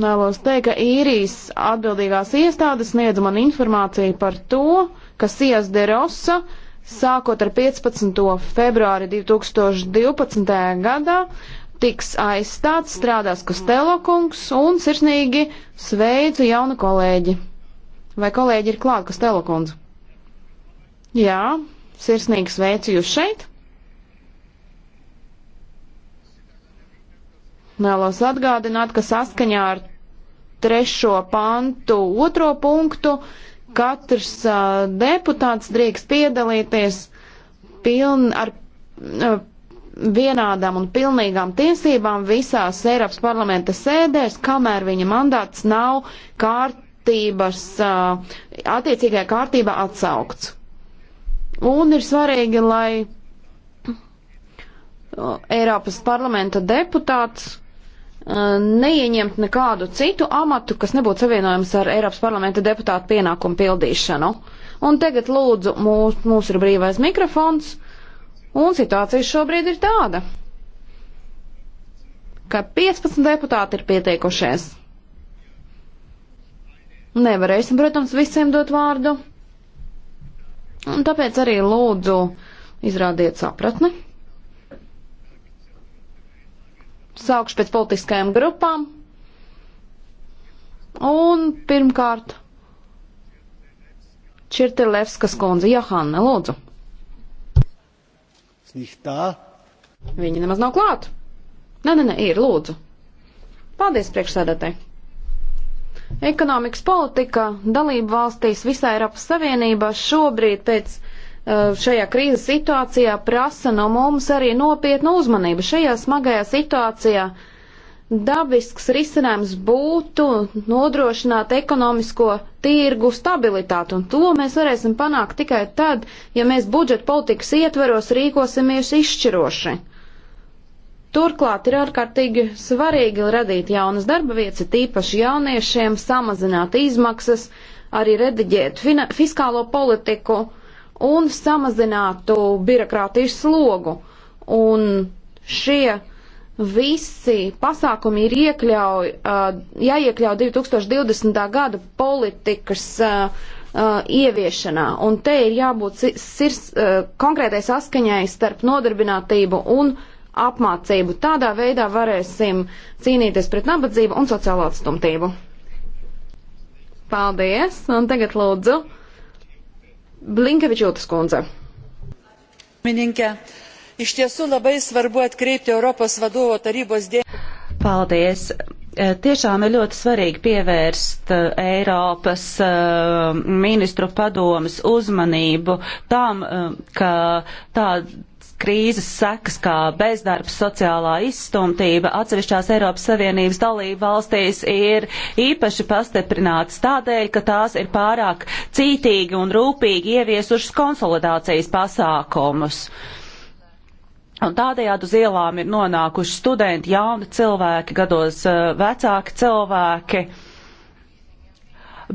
Vēlos teikt, ka īrijas atbildīgās iestādes sniedz man informāciju par to, ka Sijas de Rosa sākot ar 15. februāri 2012. gadā tiks aizstāts, strādās Kostelo kungs un sirsnīgi sveicu jaunu kolēģi. Vai kolēģi ir klāt, Kostelo kundze? Jā, sirsnīgi sveicu jūs šeit. Vēlos atgādināt, ka saskaņā ar trešo pantu otro punktu katrs uh, deputāts drīkst piedalīties piln, ar uh, vienādām un pilnīgām tiesībām visās Eiropas parlamenta sēdēs, kamēr viņa mandāts nav kārtības, uh, attiecīgajā kārtībā atsaukts. Un ir svarīgi, lai Eiropas parlamenta deputāts Uh, neieņemt nekādu citu amatu, kas nebūtu savienojams ar Eiropas parlamenta deputātu pienākumu pildīšanu. Un tagad lūdzu, mūs, mums ir brīvais mikrofons, un situācija šobrīd ir tāda, ka 15 deputāti ir pieteikušies. Nevarēsim, protams, visiem dot vārdu, un tāpēc arī lūdzu izrādiet sapratni. Sākšu pēc politiskajām grupām. Un pirmkārt, Čirtilevskas kundze, Johanna, lūdzu. Snihtā. Viņa nemaz nav klāt. Nē, nē, nē, ir, lūdzu. Paldies priekšsēdētāji. Ekonomikas politika dalību valstīs visā Eiropas Savienībā šobrīd pēc Eh, šajā krīzes situācijā prasa no mums arī nopietnu uzmanību. Šajā smagajā situācijā dabisks risinājums būtu nodrošināt ekonomisko tirgu stabilitāti, un to mēs varēsim panākt tikai tad, ja mēs budžeta politikas ietveros rīkosimies izšķiroši. Turklāt ir ārkārtīgi svarīgi radīt jaunas darba vietas, tīpaši jauniešiem, samazināt izmaksas, arī rediģēt fiskālo politiku un samazinātu birokrātijas slogu. Un šie visi pasākumi ir iekļauj, uh, jāiekļauj 2020. gada politikas uh, uh, ieviešanā, un te ir jābūt sirs, uh, konkrētai saskaņai starp nodarbinātību un apmācību. Tādā veidā varēsim cīnīties pret nabadzību un sociālo atstumtību. Paldies, un tagad lūdzu Blinkevičotas kundze. Mininkė, iš tiesų labai svarbu atkreipti Europos vadovo tarybos dėmesį. Paldies. Eh, tiešām ir ļoti svarīgi pievērst eh, Eiropas eh, ministru padomas uzmanību tam, ka tāda krīzes sekas, kā bezdarbs, sociālā izstumtība atsevišķās Eiropas Savienības dalību valstīs ir īpaši pastiprinātas tādēļ, ka tās ir pārāk cītīgi un rūpīgi ieviesušas konsolidācijas pasākumus. Uh, Un tādējādi uz ielām ir nonākuši studenti, jauni cilvēki, gados eh, vecāki cilvēki. Uh,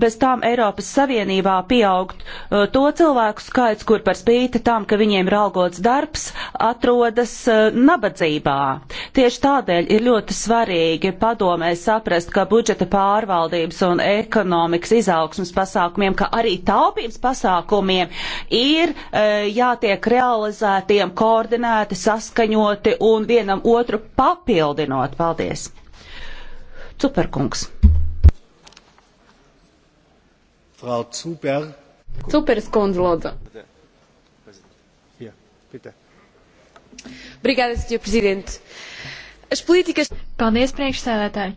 bez tām Eiropas Savienībā pieaugt uh, to cilvēku skaits, kur par spīti tam, ka viņiem ir algots darbs, atrodas uh, nabadzībā. Tieši tādēļ ir ļoti svarīgi padomē saprast, ka budžeta pārvaldības un ekonomikas izaugsmas pasākumiem, kā arī taupības pasākumiem ir uh, jātiek realizētiem koordinēti, saskaņoti un vienam otru papildinot. Paldies! Cuperkungs. Frau Zuber. Zuberes kundze, lūdzu. Jā, pitē. Obrigada, Sr. Presidente. As políticas. Paldies, priekšsēdētāji.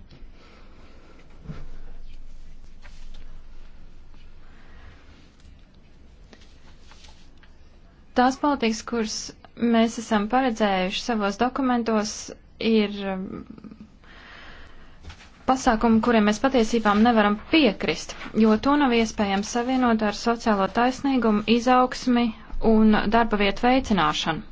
Tās politikas, kuras mēs esam paredzējuši savos dokumentos, ir pasākumu, kuriem mēs patiesībā nevaram piekrist, jo to nav iespējams savienot ar sociālo taisnīgumu, izaugsmi un darba vietu veicināšanu.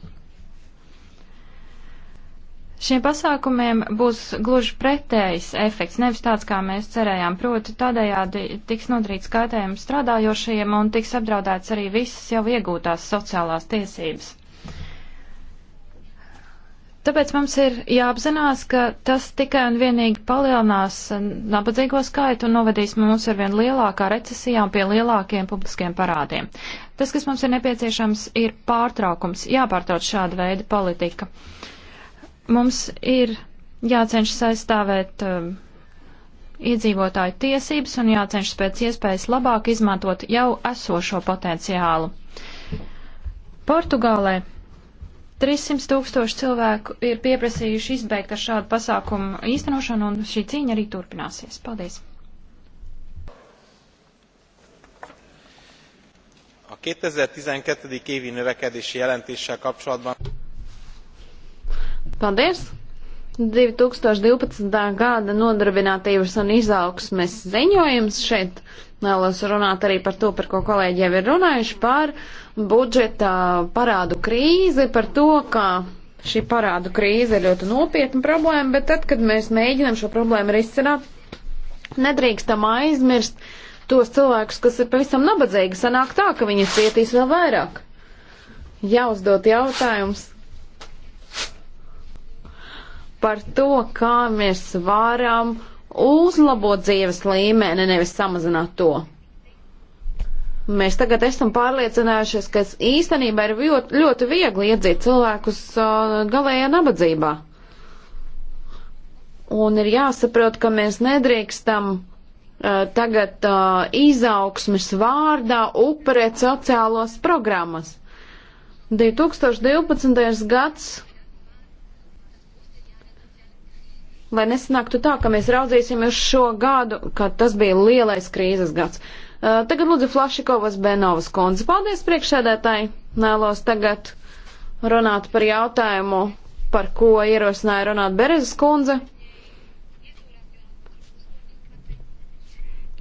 Šiem pasākumiem būs gluži pretējs efekts, nevis tāds, kā mēs cerējām, proti tādējādi tiks nodrīts kaitējums strādājošajiem un tiks apdraudēts arī visas jau iegūtās sociālās tiesības. Tāpēc mums ir jāapzinās, ka tas tikai un vienīgi palielinās nabadzīgo skaitu un novedīs mūs ar vien lielākā recesijā un pie lielākiem publiskiem parādiem. Tas, kas mums ir nepieciešams, ir pārtraukums, jāpārtrauc šāda veida politika. Mums ir jācenšas aizstāvēt um, iedzīvotāju tiesības un jācenšas pēc iespējas labāk izmantot jau esošo potenciālu. Portugālē 300 tūkstoši cilvēku ir pieprasījuši izbeigt ar šādu pasākumu īstenošanu, un šī cīņa arī turpināsies. Paldies! A 2012. évi növekedési jelentéssel kapcsolatban. Paldies! 2012. gada nodarbinātības un izaugsmes ziņojums šeit vēlos runāt arī par to, par ko kolēģi jau ir runājuši, par uh, budžeta parādu krīzi, par to, ka šī parādu krīze ir ļoti nopietna problēma, bet tad, kad mēs mēģinām šo problēmu risināt, nedrīkstam aizmirst tos cilvēkus, kas ir pavisam nabadzīgi. Sanāk tā, ka viņi cietīs vēl vairāk. Jāuzdod jautājums par to, kā mēs varam uzlabot dzīves līmeni, nevis samazināt to. Mēs tagad esam pārliecinājušies, ka īstenībā ir ļoti, ļoti viegli iedzīt cilvēkus galējā nabadzībā. Un ir jāsaprot, ka mēs nedrīkstam uh, tagad uh, izaugsmes vārdā upurēt sociālos programmas. 2012. gads, lai nesanāktu tā, ka mēs raudzīsimies šo gadu, kad tas bija lielais krīzes gads. Uh, Uh, tagad lūdzu Flašikovas Benovas kundze. Paldies priekšsēdētāji. Nēlos tagad runāt par jautājumu, par ko ierosināja runāt Berezes kundze.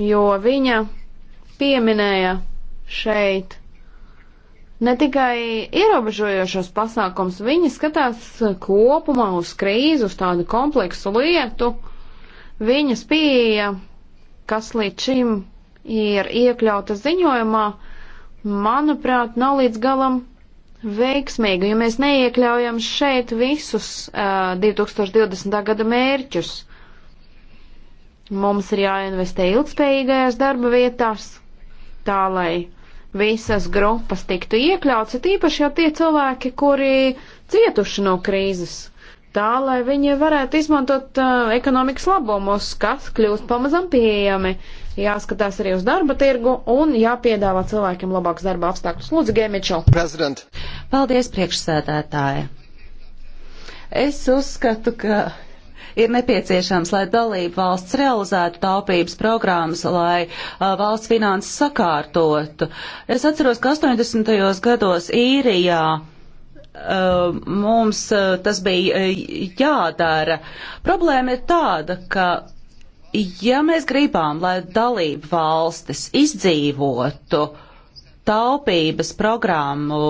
Jo viņa pieminēja šeit ne tikai ierobežojošos pasākums, viņi skatās kopumā uz krīzi, uz tādu kompleksu lietu. Viņas pieeja, kas līdz šim ir iekļauta ziņojumā, manuprāt, nav līdz galam veiksmīga, jo mēs neiekļaujam šeit visus uh, 2020. gada mērķus. Mums ir jāinvestē ilgspējīgajās darba vietās, tā lai visas grupas tiktu iekļauts, ir īpaši jau tie cilvēki, kuri cietuši no krīzes tā, lai viņi varētu izmantot uh, ekonomikas labumus, kas kļūst pamazam pieejami. Jāskatās arī uz darba tirgu un jāpiedāvā cilvēkiem labāks darba apstākļus. Lūdzu, Gēmičo. Prezident. Paldies, priekšsēdētāja. Es uzskatu, ka ir nepieciešams, lai dalību valsts realizētu taupības programmas, lai uh, valsts finanses sakārtotu. Es atceros, ka 80. gados īrijā Eh, mums eh, tas bija eh, jādara. Problēma ir tāda, ka ja mēs gribām, lai dalību valstis izdzīvotu taupības programmu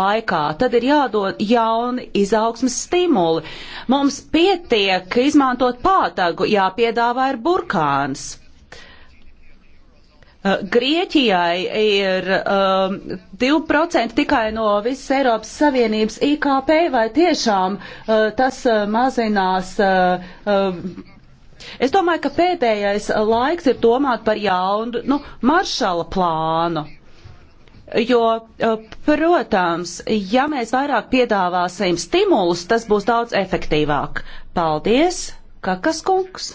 laikā, tad ir jādod jauni izaugsmas stimuli. Mums pietiek izmantot pātagu, jāpiedāvā ir burkāns. Eh, Grieķijai ir um, eh, 2% tikai no visas Eiropas Savienības IKP, vai tiešām uh, tas uh, mazinās? Uh, uh, es domāju, ka pēdējais laiks ir domāt par jaunu nu, maršala plānu. Jo, protams, ja mēs vairāk piedāvāsim stimulus, tas būs daudz efektīvāk. Paldies, Kakas kungs!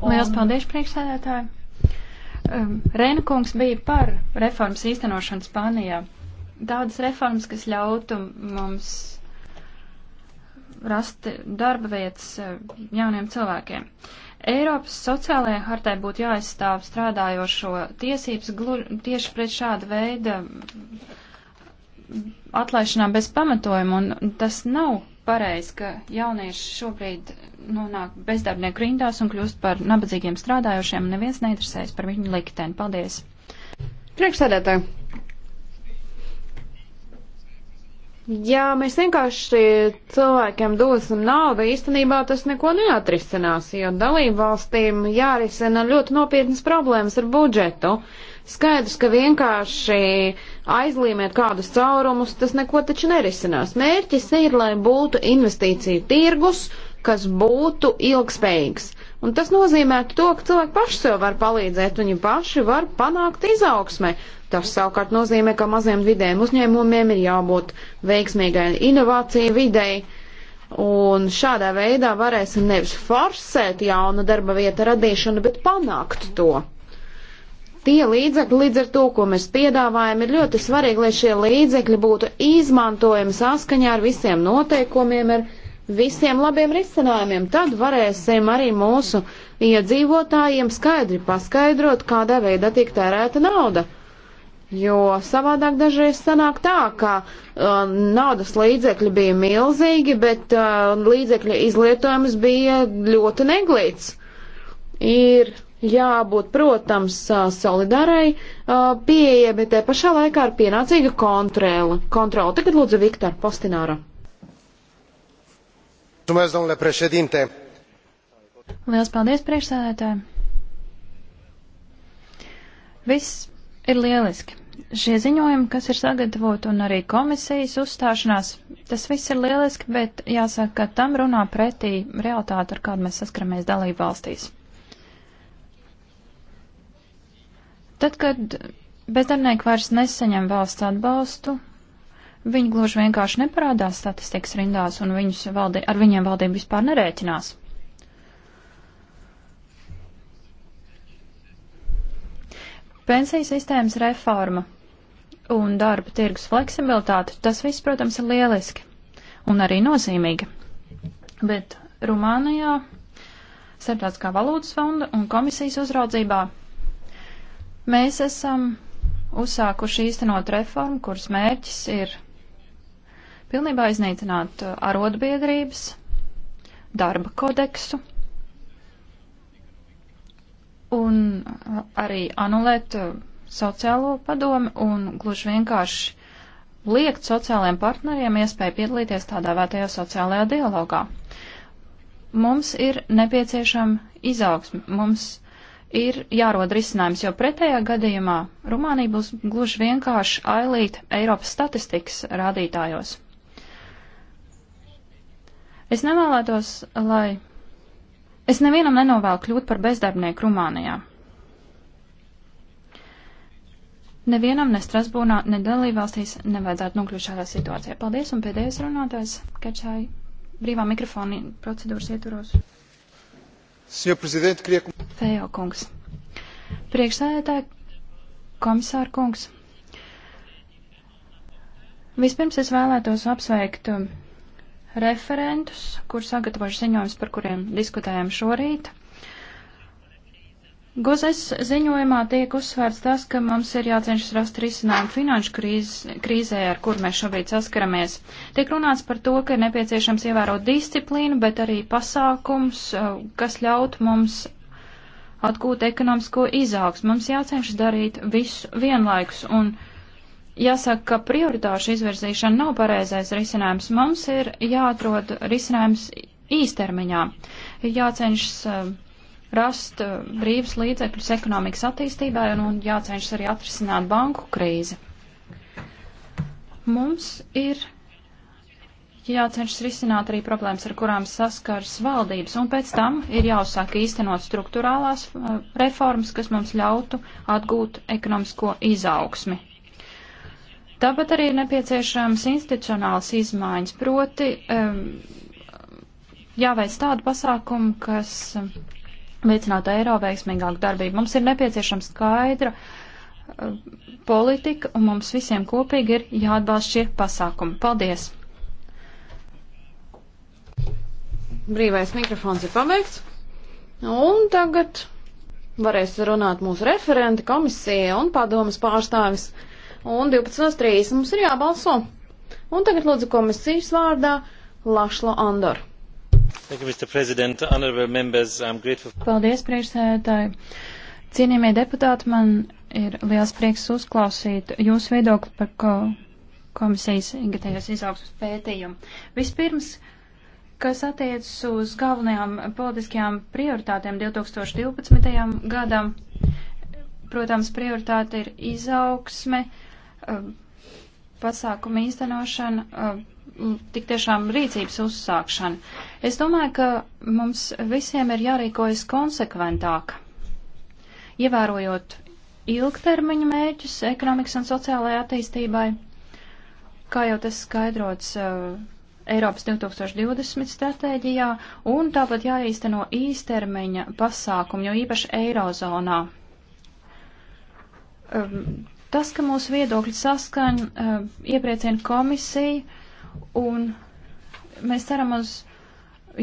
Un... Lielas paldies, priekšsēdētāji! Um, Reina kungs bija par reformas īstenošanu Spānijā. Tādas reformas, kas ļautu mums rast darba vietas uh, jauniem cilvēkiem. Eiropas sociālajai hartai būtu jāaizstāv strādājošo tiesības glu, tieši pret šādu veidu atlaišanām bez pamatojuma, un tas nav pareizi, ka jaunieši šobrīd nonāk bezdarbnieku rindās un kļūst par nabadzīgiem strādājošiem, un neviens neinteresējas par viņu likteni. Paldies! Priekšsēdētāji! Ja mēs vienkārši cilvēkiem dosim naudu, īstenībā tas neko neatrisinās, jo dalību valstīm jārisina ļoti nopietnas problēmas ar budžetu. Uh, Skaidrs, ka vienkārši aizlīmēt kādus caurumus, tas neko taču nerisinās. Mērķis ir, lai būtu investīciju tirgus, kas būtu ilgspējīgs. Un tas nozīmē to, ka cilvēki paši sev var palīdzēt, viņi paši var panākt izaugsmē. Tas savukārt nozīmē, ka maziem vidējiem uzņēmumiem ir jābūt veiksmīgai inovāciju videi. Un šādā veidā varēsim nevis forsēt jaunu darba vietu radīšanu, bet panākt to. Tie līdzekļi līdz ar to, ko mēs piedāvājam, ir ļoti svarīgi, lai šie līdzekļi būtu izmantojami saskaņā ar visiem noteikumiem, ar visiem labiem risinājumiem. Tad varēsim arī mūsu iedzīvotājiem skaidri paskaidrot, kādā veidā tiek tērēta nauda. Jo savādāk dažreiz sanāk tā, ka uh, naudas līdzekļi bija milzīgi, bet uh, līdzekļu izlietojums bija ļoti neglīts. Ir jābūt, protams, solidārai pieeja, bet te pašā laikā ir pienācīga kontrola. kontrola. Tagad lūdzu Viktor Postināra. Mulțumesc, domnule președinte. Liels paldies, priekšsēdētāji. Viss ir lieliski. Šie ziņojumi, kas ir sagatavoti un arī komisijas uzstāšanās, tas viss ir lieliski, bet jāsaka, ka tam runā pretī realitāte, ar kādu mēs saskaramies dalību valstīs. Tad, kad bezdarbnieki vairs nesaņem valsts atbalstu, viņi gluži vienkārši neparādās statistikas rindās un valdī, ar viņiem valdība vispār nerēķinās. Pensijas sistēmas reforma un darba tirgus fleksibilitāte, tas viss, protams, ir lieliski un arī nozīmīgi. Bet Rumānijā starptautiskā valūtas fonda un komisijas uzraudzībā Mēs esam uzsākuši īstenot reformu, kuras mērķis ir pilnībā iznīcināt uh, arotbiedrības, darba kodeksu un uh, arī anulēt uh, sociālo padomu un gluži vienkārši liekt sociālajiem partneriem iespēju piedalīties tādā vētajā sociālajā dialogā. Mums ir nepieciešama izaugsme, mums ir jārod risinājums, jo pretējā gadījumā Rumānija būs gluži vienkārši ailīt Eiropas statistikas rādītājos. Es nevēlētos, lai. Es nevienam nenovēlu kļūt par bezdarbnieku Rumānijā. Nevienam, ne Strasbūrā, ne dalībvalstīs nevajadzētu nokļūt šādā situācijā. Paldies, un pēdējais runātājs Kečāji brīvā mikrofona procedūras ietvaros. Senhor Presidente, queria Fejo kungs. Priekšsēdētāji, komisāra kungs. Vispirms es vēlētos apsveikt referentus, kur sagatavošu ziņojums, par kuriem diskutējam šorīt. Gozes ziņojumā tiek uzsvērts tas, ka mums ir jācenšas rast risinājumu finanšu krīz, krīzē, ar kur mēs šobrīd saskaramies. Tiek runāts par to, ka ir nepieciešams ievērot disciplīnu, bet arī pasākums, uh, kas ļaut mums atgūt ekonomisko izaugsmu. Mums jācenšas darīt visu vienlaikus un jāsaka, ka prioritāšu izvirzīšana nav pareizais risinājums. Mums ir jāatrod risinājums īstermiņā. Ir jācenšas eh, rast eh, brīvas līdzekļus ekonomikas attīstībai un, un jācenšas arī atrisināt banku krīzi. Mums ir jācenšas risināt arī problēmas, ar kurām saskars valdības, un pēc tam ir jāuzsāk īstenot struktūrālās uh, reformas, kas mums ļautu atgūt ekonomisko izaugsmi. Tāpat arī ir nepieciešams institucionāls izmaiņas, proti um, jāveic tādu pasākumu, kas veicinātu eiro veiksmīgāku darbību. Mums ir nepieciešama skaidra uh, politika, un mums visiem kopīgi ir jāatbalsta šie pasākumi. Paldies! brīvais mikrofons ir pabeigts. Un tagad varēs runāt mūsu referenti, komisija un padomas pārstāvis. Un 12.30 mums ir jābalso. Un tagad lūdzu komisijas vārdā Lašlo Andor. You, Paldies, priekšsēdētāji. Cienījamie deputāti, man ir liels prieks uzklausīt jūsu viedokli par ko komisijas ingatējos izaugsmas pētījumu. Vispirms, uh, Kas attiecas uz galvenajām politiskajām prioritātēm 2012. gadam, protams, prioritāte ir izaugsme, eh, pasākuma īstenošana, eh, tik tiešām rīcības uzsākšana. Es domāju, ka mums visiem ir jārīkojas konsekventāk, ievērojot ilgtermiņa mērķus ekonomikas un sociālajai attīstībai, kā jau tas skaidrots eh, Eiropas 2020 stratēģijā un tāpat jāīsteno īstermeņa pasākumu, jo īpaši Eirozonā. Um, tas, ka mūsu viedokļi saskaņ, um, iepriecina komisiju un mēs ceram uz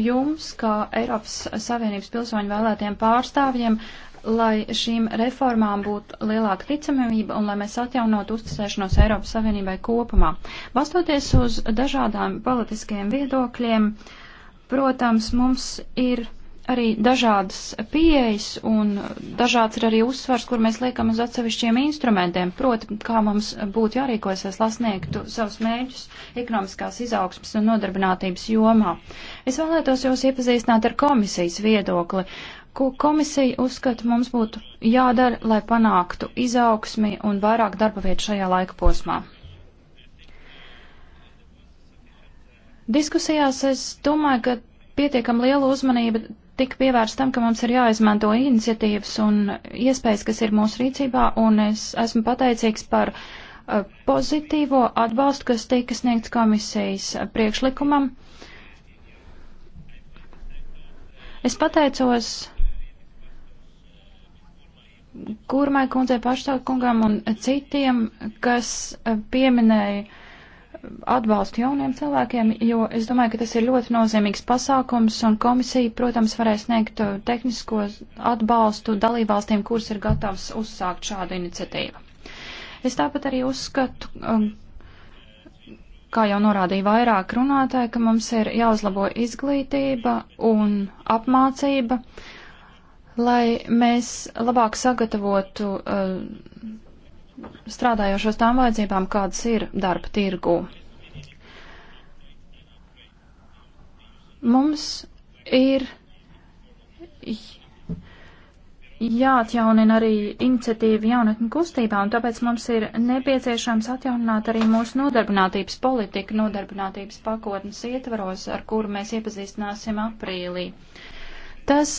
jums, kā Eiropas Savienības pilsoņu vēlētiem pārstāvjiem, lai šīm reformām būtu lielāka ticamība un lai mēs atjaunotu uzticēšanos Eiropas Savienībai kopumā. Balstoties uz dažādām politiskajiem viedokļiem, protams, mums ir arī dažādas pieejas un dažāds ir arī uzsvars, kur mēs liekam uz atsevišķiem instrumentiem, proti, kā mums būtu jārīkojas, lai sasniegtu savus mēģus ekonomiskās izaugsmas un nodarbinātības jomā. Es vēlētos jūs iepazīstināt ar komisijas viedokli ko komisija uzskata mums būtu jādara, lai panāktu izaugsmi un vairāk darba vietu šajā laika posmā? Diskusijās es domāju, ka pietiekam liela uzmanība tika pievērsta tam, ka mums ir jāizmanto iniciatīvas un iespējas, kas ir mūsu rīcībā, un es esmu pateicīgs par uh, pozitīvo atbalstu, kas tika sniegts komisijas priekšlikumam. Es pateicos Kurmai kundzei pašstākungam un citiem, kas e, pieminēja e, atbalstu jauniem cilvēkiem, jo es domāju, ka tas ir ļoti nozīmīgs pasākums, un komisija, protams, varēs sniegt e, tehnisko atbalstu dalībvalstīm, kuras ir gatavs uzsākt šādu iniciatīvu. Es tāpat arī uzskatu, kā jau norādīja vairāk runātāji, ka mums ir jāuzlabo izglītība un apmācība. Uh, lai mēs labāk sagatavotu uh, strādājošos tām vajadzībām, kādas ir darba tirgū. Mums ir jāatjaunina arī iniciatīva jaunatni kustībā, un tāpēc mums ir nepieciešams atjaunināt arī mūsu nodarbinātības politiku, nodarbinātības pakotnes ietvaros, ar kuru mēs iepazīstināsim aprīlī. Uh, Tas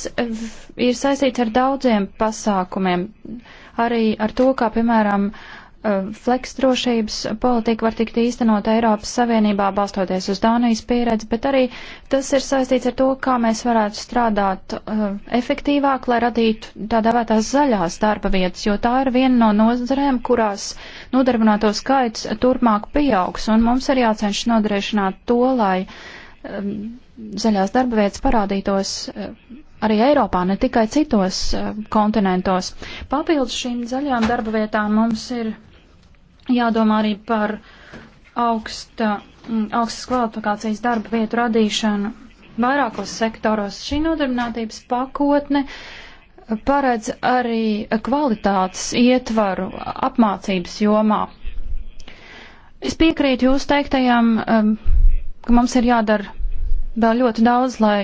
ir saistīts ar daudziem pasākumiem, arī ar to, kā, piemēram, eh, fleks drošības politika var tikt īstenot Eiropas Savienībā, balstoties uz Dānijas pieredzi, bet arī tas ir saistīts ar to, kā mēs varētu strādāt uh, efektīvāk, lai radītu tā devētās zaļās darba vietas, jo tā ir viena no nozarēm, kurās nodarbināto skaits turpmāk pieaugs, un mums ir jācenšas nodrošināt to, lai um, zaļās darba vietas parādītos eh, arī Eiropā, ne tikai citos eh, kontinentos. Papildus šīm zaļām darba vietām mums ir jādomā arī par augsta, mm, augstas kvalifikācijas darba vietu radīšanu vairākos sektoros. Šī nodarbinātības pakotne paredz arī kvalitātes ietvaru apmācības jomā. Es piekrītu jūs teiktajam, ka mums ir jādara vēl ļoti daudz, lai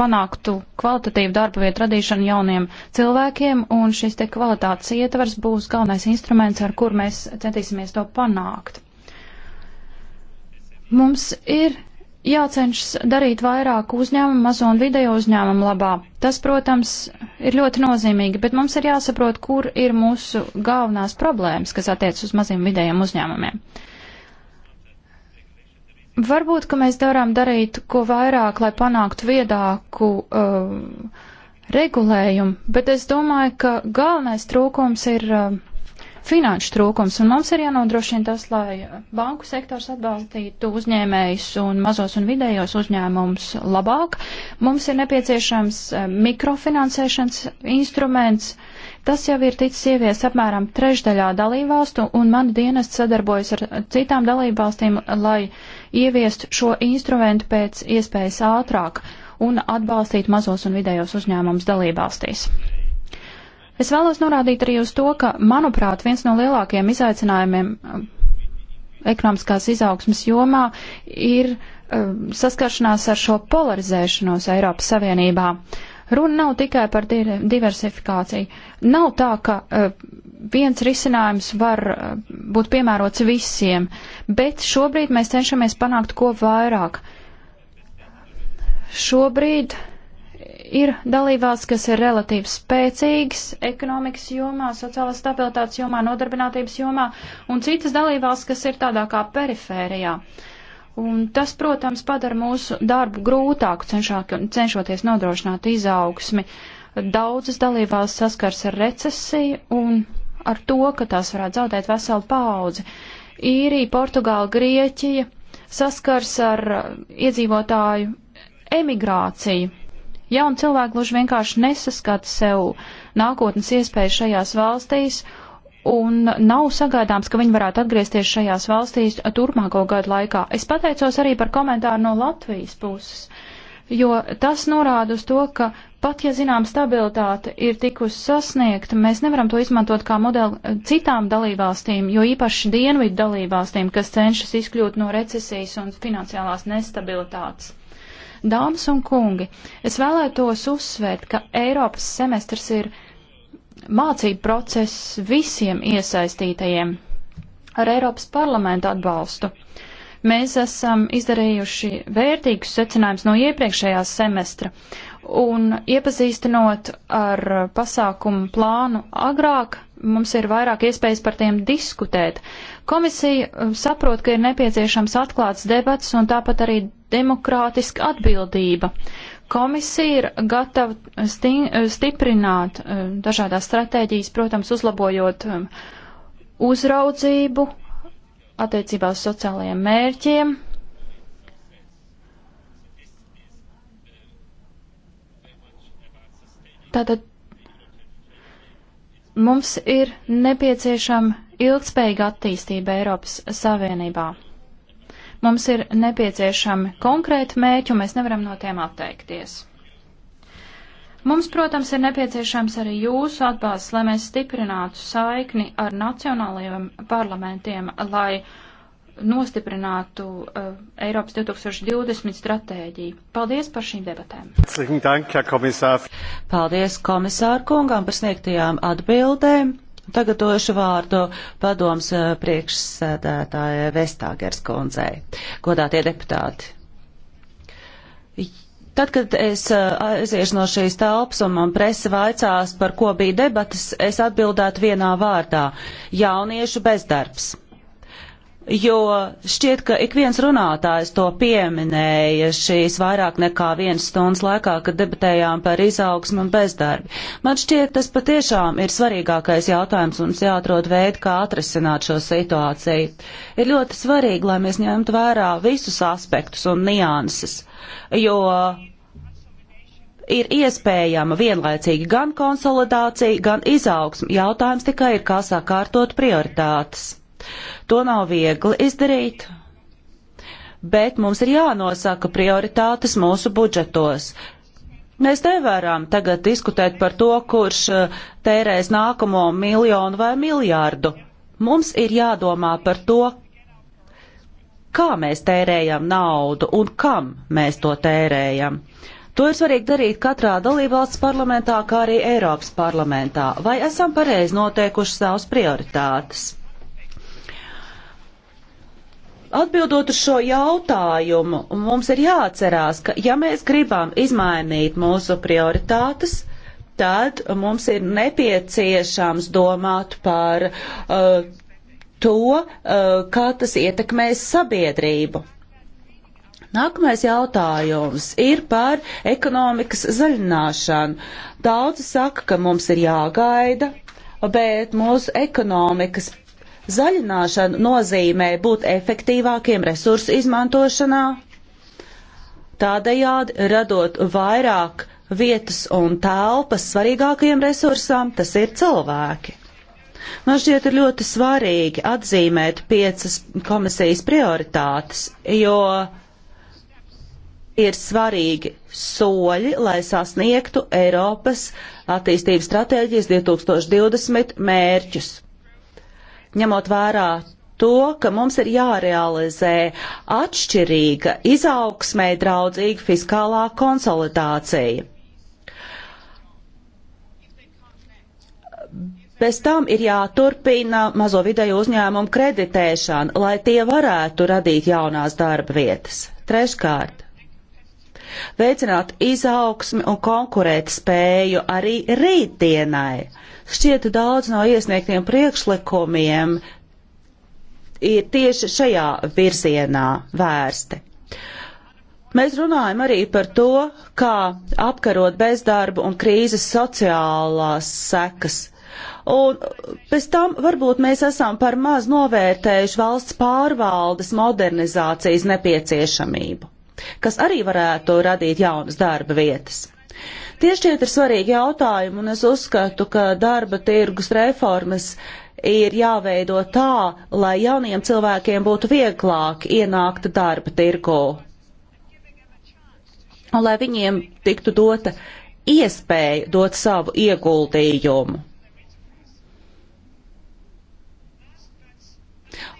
panāktu kvalitatīvu darba vietu radīšanu jauniem cilvēkiem, un šis te kvalitātes ietvers būs galvenais instruments, ar kur mēs centīsimies to panākt. Mums ir jācenšas darīt vairāk uzņēmumu, mazo un vidējo uzņēmumu labā. Tas, protams, ir ļoti nozīmīgi, bet mums ir jāsaprot, kur ir mūsu galvenās problēmas, kas attiec uz maziem vidējiem uzņēmumiem. Varbūt, ka mēs darām darīt ko vairāk, lai panāktu viedāku uh, regulējumu, bet es domāju, ka galvenais trūkums ir uh, finanšu trūkums, un mums ir jānodrošina tas, lai banku sektors atbalstītu uzņēmējus un mazos un vidējos uzņēmumus labāk. Mums ir nepieciešams uh, mikrofinansēšanas instruments. Uh, Tas jau ir ticis ievies apmēram trešdaļā dalībvalstu, un man dienas sadarbojas ar citām dalībvalstīm, lai ieviestu šo instrumentu pēc iespējas ātrāk un atbalstītu mazos un vidējos uzņēmumus dalībvalstīs. Es vēlos norādīt arī uz to, ka, manuprāt, viens no lielākajiem izaicinājumiem um, ekonomiskās izaugsmas jomā ir uh, saskaršanās ar šo polarizēšanos Eiropas Savienībā. Uh, Runa nav tikai par diversifikāciju. Nav tā, ka eh, viens risinājums var eh, būt piemērots visiem, bet šobrīd mēs cenšamies panākt ko vairāk. Šobrīd ir dalībvalsts, kas ir relatīvi spēcīgas ekonomikas jomā, sociālās stabilitātes jomā, nodarbinātības jomā, un citas dalībvalsts, kas ir tādā kā perifērijā. Uh, Un tas, protams, padara mūsu darbu grūtāku, cenšāk, cenšoties nodrošināt izaugsmi. Daudzas dalībās saskars ar recesiju un ar to, ka tās varētu zaudēt veselu paudzi. Īrija, Portugāla, Grieķija saskars ar iedzīvotāju emigrāciju. Jauni cilvēki gluži vienkārši nesaskata sev nākotnes iespējas šajās valstīs un nav sagaidāms, ka viņi varētu atgriezties šajās valstīs turpmāko gadu laikā. Es pateicos arī par komentāru no Latvijas puses, jo tas norāda uz to, ka pat ja zinām stabilitāte ir tikusi sasniegta, mēs nevaram to izmantot kā modeli citām dalībvalstīm, jo īpaši dienvidu dalībvalstīm, kas cenšas izkļūt no recesijas un finansiālās nestabilitātes. Dāmas un kungi, es vēlētos uzsvērt, ka Eiropas semestrs ir mācību process visiem iesaistītajiem ar Eiropas parlamentu atbalstu. Mēs esam izdarījuši vērtīgus secinājumus no iepriekšējā semestra un iepazīstinot ar pasākumu plānu agrāk, mums ir vairāk iespējas par tiem diskutēt. Komisija um, saprot, ka ir nepieciešams atklāts debats un tāpat arī demokrātiska atbildība. Komisija ir gatava stiprināt eh, dažādās stratēģijas, protams, uzlabojot eh, uzraudzību attiecībā uz sociālajiem mērķiem. Tātad mums ir nepieciešama ilgspējīga attīstība Eiropas Savienībā. Mums ir nepieciešami konkrēti mēķi, un mēs nevaram no tiem atteikties. Mums, protams, ir nepieciešams arī jūsu atbalsts, lai mēs stiprinātu saikni ar nacionālajiem parlamentiem, lai nostiprinātu uh, Eiropas 2020 stratēģiju. Paldies par šīm debatēm. Paldies komisāru kungām par sniegtajām atbildēm. Tagad došu vārdu padoms eh, priekšsēdētāja Vestāgers kundzei. Godātie deputāti! Tad, kad es eh, aiziešu no šīs telpas un man presa vaicās, par ko bija debatas, es atbildētu vienā vārdā - jauniešu bezdarbs jo šķiet, ka ik viens runātājs to pieminēja šīs vairāk nekā vienas stundas laikā, kad debatējām par izaugsmu un bezdarbi. Man šķiet, tas patiešām ir svarīgākais jautājums un mums jāatrod veidi, kā atrisināt šo situāciju. Ir ļoti svarīgi, lai mēs ņemtu vērā visus aspektus un nianses, jo ir iespējama vienlaicīgi gan konsolidācija, gan izaugsme. Jautājums tikai ir, kā sakārtot prioritātes. To nav viegli izdarīt, bet mums ir jānosaka prioritātes mūsu budžetos. Mēs nevaram tagad diskutēt par to, kurš eh, tērēs nākamo miljonu vai miljārdu. Mums ir jādomā par to, kā mēs tērējam naudu un kam mēs to tērējam. To ir svarīgi darīt katrā dalībvalsts parlamentā, kā arī Eiropas parlamentā, vai esam pareizi noteikuši savus prioritātes. Atbildot uz šo jautājumu, mums ir jāatcerās, ka ja mēs gribam izmainīt mūsu prioritātes, tad mums ir nepieciešams domāt par uh, to, uh, kā tas ietekmēs sabiedrību. Nākamais jautājums ir par ekonomikas zaļināšanu. Daudzi saka, ka mums ir jāgaida, bet mūsu ekonomikas Zaļināšana nozīmē būt efektīvākiem resursu izmantošanā, tādējādi radot vairāk vietas un telpas svarīgākajiem resursām, tas ir cilvēki. Man šķiet ir ļoti svarīgi atzīmēt piecas komisijas prioritātes, jo ir svarīgi soļi, lai sasniegtu Eiropas attīstības stratēģijas 2020 mērķus ņemot vērā to, ka mums ir jārealizē atšķirīga, izaugsmē draudzīga fiskālā konsolidācija. Bez tam ir jāturpina mazo vidēju uzņēmumu kreditēšana, lai tie varētu radīt jaunās darba vietas. Treškārt, veicināt izaugsmi un konkurēt spēju arī rītdienai. Šķiet daudz no iesniegtiem priekšlikumiem ir tieši šajā virzienā vērsti. Mēs runājam arī par to, kā apkarot bezdarbu un krīzes sociālās sekas. Un bez tam varbūt mēs esam par maz novērtējuši valsts pārvaldes modernizācijas nepieciešamību kas arī varētu radīt jaunas darba vietas. Tie šķiet ir svarīgi jautājumi, un es uzskatu, ka darba tirgus reformas ir jāveido tā, lai jauniem cilvēkiem būtu vieglāk ienākt darba tirgu, un lai viņiem tiktu dota iespēja dot savu ieguldījumu.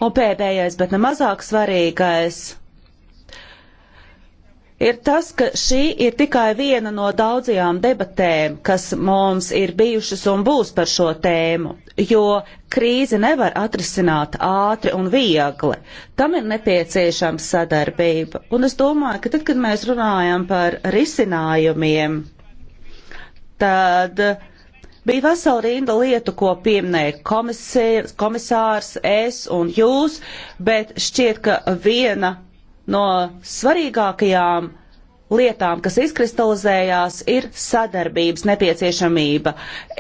Un pēdējais, bet nemazāk svarīgais ir tas, ka šī ir tikai viena no daudzajām debatēm, kas mums ir bijušas un būs par šo tēmu, jo krīzi nevar atrisināt ātri un viegli. Tam ir nepieciešama sadarbība. Un es domāju, ka tad, kad mēs runājam par risinājumiem, tad bija vesela rinda lietu, ko pieminēja komisārs, es un jūs, bet šķiet, ka viena no svarīgākajām lietām, kas izkristalizējās, ir sadarbības nepieciešamība.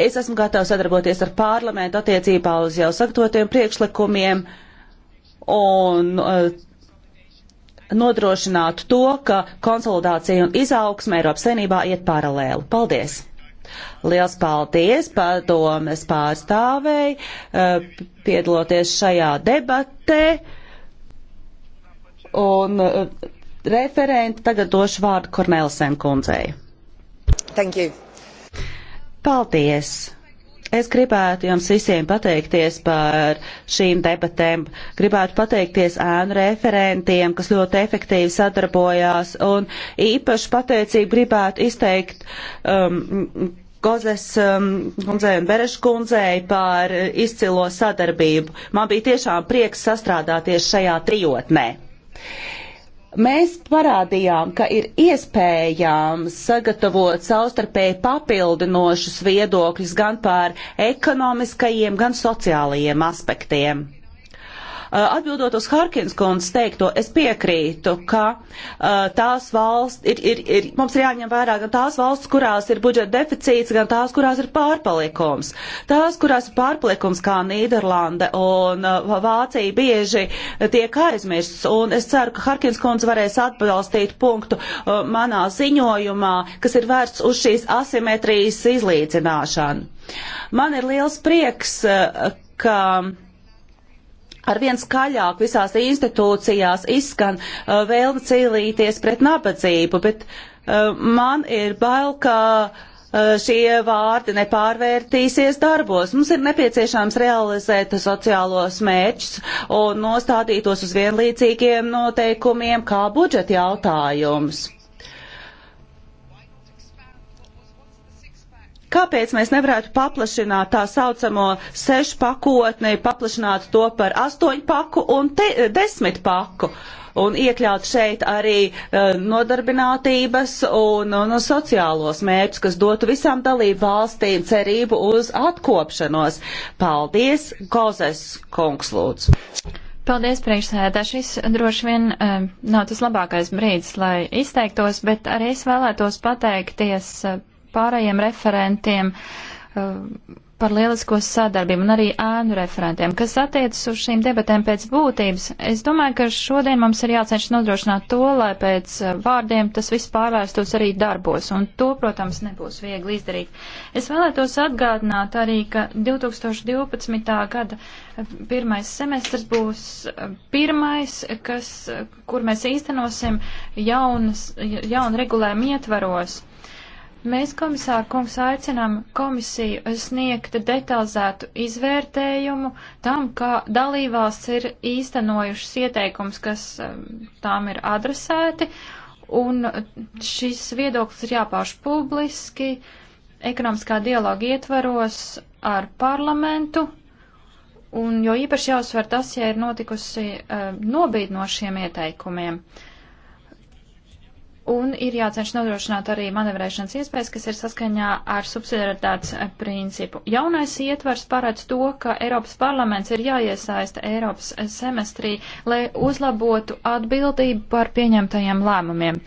Es esmu gatavs sadarboties ar parlamentu attiecībā uz jau sagatavotiem priekšlikumiem un uh, nodrošināt to, ka konsolidācija un izaugsme Eiropas senībā iet paralēli. Paldies! Liels paldies padomes pārstāvēji, uh, eh, piedaloties šajā debatē un uh, referenti. Tagad došu vārdu Kornelsen kundzei. Thank you. Paldies! Es gribētu jums visiem pateikties par šīm debatēm, gribētu pateikties ēnu referentiem, kas ļoti efektīvi sadarbojās, un īpaši pateicību gribētu izteikt um, Gozes um, kundzei un Bereša kundzei par izcilo sadarbību. Man bija tiešām prieks sastrādāties šajā trijotnē. Mēs parādījām, ka ir iespējams sagatavot savstarpēji papildinošus viedokļus gan par ekonomiskajiem, gan sociālajiem aspektiem. Eh, atbildot uz Harkins kundzes teikto, es piekrītu, ka eh, tās valsts, ir, ir, ir, mums ir jāņem vērā gan tās valsts, kurās ir budžeta deficīts, gan tās, kurās ir pārpalikums. Tās, kurās ir pārpalikums, kā Nīderlande un eh, Vācija, bieži tiek aizmirsts. Un es ceru, ka Harkins kundze varēs atbalstīt punktu manā ziņojumā, kas ir vērsts uz šīs asimetrijas izlīdzināšanu. Man ir liels prieks, ka Arvien skaļāk visās institūcijās izskan uh, vēlme cīnīties pret nabadzību, bet uh, man ir bail, ka uh, šie vārdi nepārvērtīsies darbos. Mums ir nepieciešams realizēt sociālos mērķus un nostādītos uz vienlīdzīgiem noteikumiem kā budžeta jautājums. Kāpēc mēs nevarētu paplašināt tā saucamo sešu pakotni, paplašināt to par astoņu paku un te, desmit paku? Un iekļaut šeit arī uh, nodarbinātības un, un, un sociālos mērķus, kas dotu visām dalību valstīm cerību uz atkopšanos. Paldies, Gozes kungs lūdzu. Paldies, priekšsēdā. Šis droši vien um, nav tas labākais brīdis, lai izteiktos, bet arī es vēlētos pateikties uh, pārējiem referentiem eh, par lielisko sadarbību un arī ēnu referentiem. Kas attiecas uz šīm debatēm pēc būtības, es domāju, ka šodien mums ir jācenš nodrošināt to, lai pēc eh, vārdiem tas viss pārvērstos arī darbos, un to, protams, nebūs viegli izdarīt. Es vēlētos atgādināt arī, ka 2012. gada eh, pirmais semestrs būs pirmais, kas, kur mēs īstenosim jaunas, jaunu regulējumu ietvaros. Uh, Mēs, komisāra kungs, aicinām komisiju sniegt detalizētu izvērtējumu tam, kā dalībās ir īstenojušas ieteikums, kas um, tām ir adresēti, un šis viedoklis ir jāpauž publiski, ekonomiskā dialoga ietvaros ar parlamentu, un jo īpaši jāuzsver tas, ja ir notikusi uh, nobīd no šiem ieteikumiem. Uh, un ir jācenš nodrošināt arī manevrēšanas iespējas, kas ir saskaņā ar subsidiaritātes principu. Jaunais ietvars paredz to, ka Eiropas parlaments ir jāiesaista Eiropas semestrī, lai uzlabotu atbildību par pieņemtajiem lēmumiem,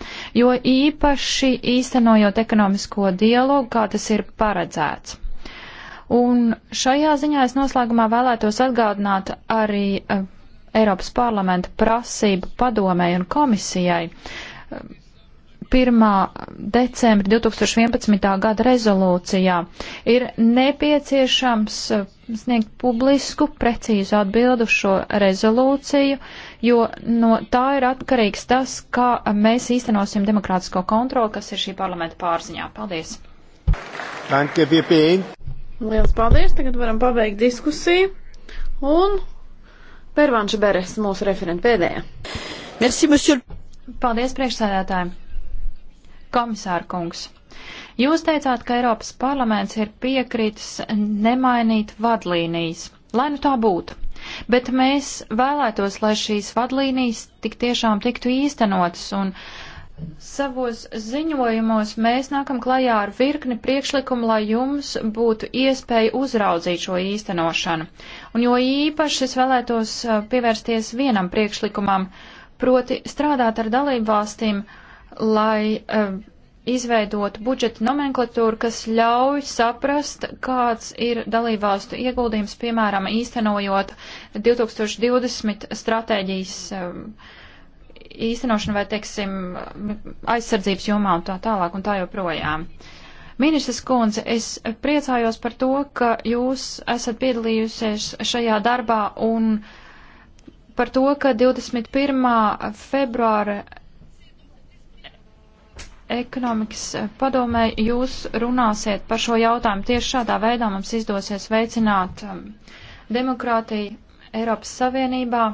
jo īpaši īstenojot ekonomisko dialogu, kā tas ir paredzēts. Un šajā ziņā es noslēgumā vēlētos atgādināt arī eh, Eiropas parlamenta prasību padomēju un komisijai eh, 1. decembra 2011. gada rezolūcijā ir nepieciešams eh, sniegt publisku, precīzu atbildu šo rezolūciju, jo no tā ir atkarīgs tas, kā mēs īstenosim demokrātisko kontroli, kas ir šī parlamenta pārziņā. Paldies! Danke, e. Liels paldies! Tagad varam pabeigt diskusiju. Un Pervanša Beres, mūsu referenta pēdējā. Merci, monsieur. Paldies, priekšsēdētāji! Komisāra kungs, jūs teicāt, ka Eiropas parlaments ir piekrītis nemainīt vadlīnijas, lai nu tā būtu. Bet mēs vēlētos, lai šīs vadlīnijas tik tiešām tiktu īstenotas un savos ziņojumos mēs nākam klajā ar virkni priekšlikumu, lai jums būtu iespēja uzraudzīt šo īstenošanu. Un jo īpaši es vēlētos uh, pievērsties vienam priekšlikumam, proti strādāt ar dalību valstīm lai um, izveidot budžeta nomenklatūru, kas ļauj saprast, kāds ir dalībvalstu ieguldījums, piemēram, īstenojot 2020 stratēģijas um, īstenošanu vai, teiksim, aizsardzības jomā un tā tālāk un tā joprojām. Ministrs kundze, es priecājos par to, ka jūs esat piedalījusies šajā darbā un par to, ka 21. februāra ekonomikas eh, padomē jūs runāsiet par šo jautājumu. Tieši šādā veidā mums izdosies veicināt um, demokrātiju Eiropas Savienībā.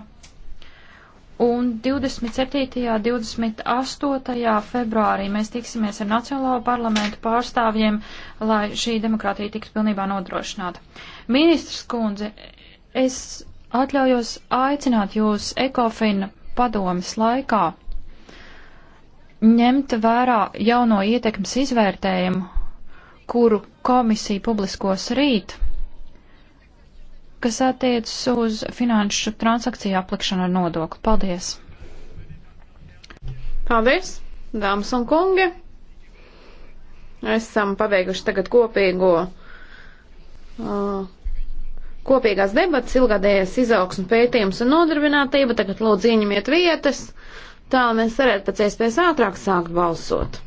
Un 27. un 28. februārī mēs tiksimies ar Nacionālo parlamentu pārstāvjiem, lai šī demokrātija tiks pilnībā nodrošināta. Ministrs kundze, es atļaujos aicināt jūs Ekofina padomas laikā ņemt vērā jauno ietekmes izvērtējumu, kuru komisija publiskos rīt, kas attiecas uz finanšu transakciju aplikšanu ar nodokli. Paldies! Paldies, dāmas un kungi! Esam pabeiguši tagad kopīgo, uh, kopīgās debatas, ilgādējais izaugsmu pētījums un nodarbinātība. Tagad lūdzu ieņemiet vietas. Tā mēs varētu pēc iespējas ātrāk sākt balsot.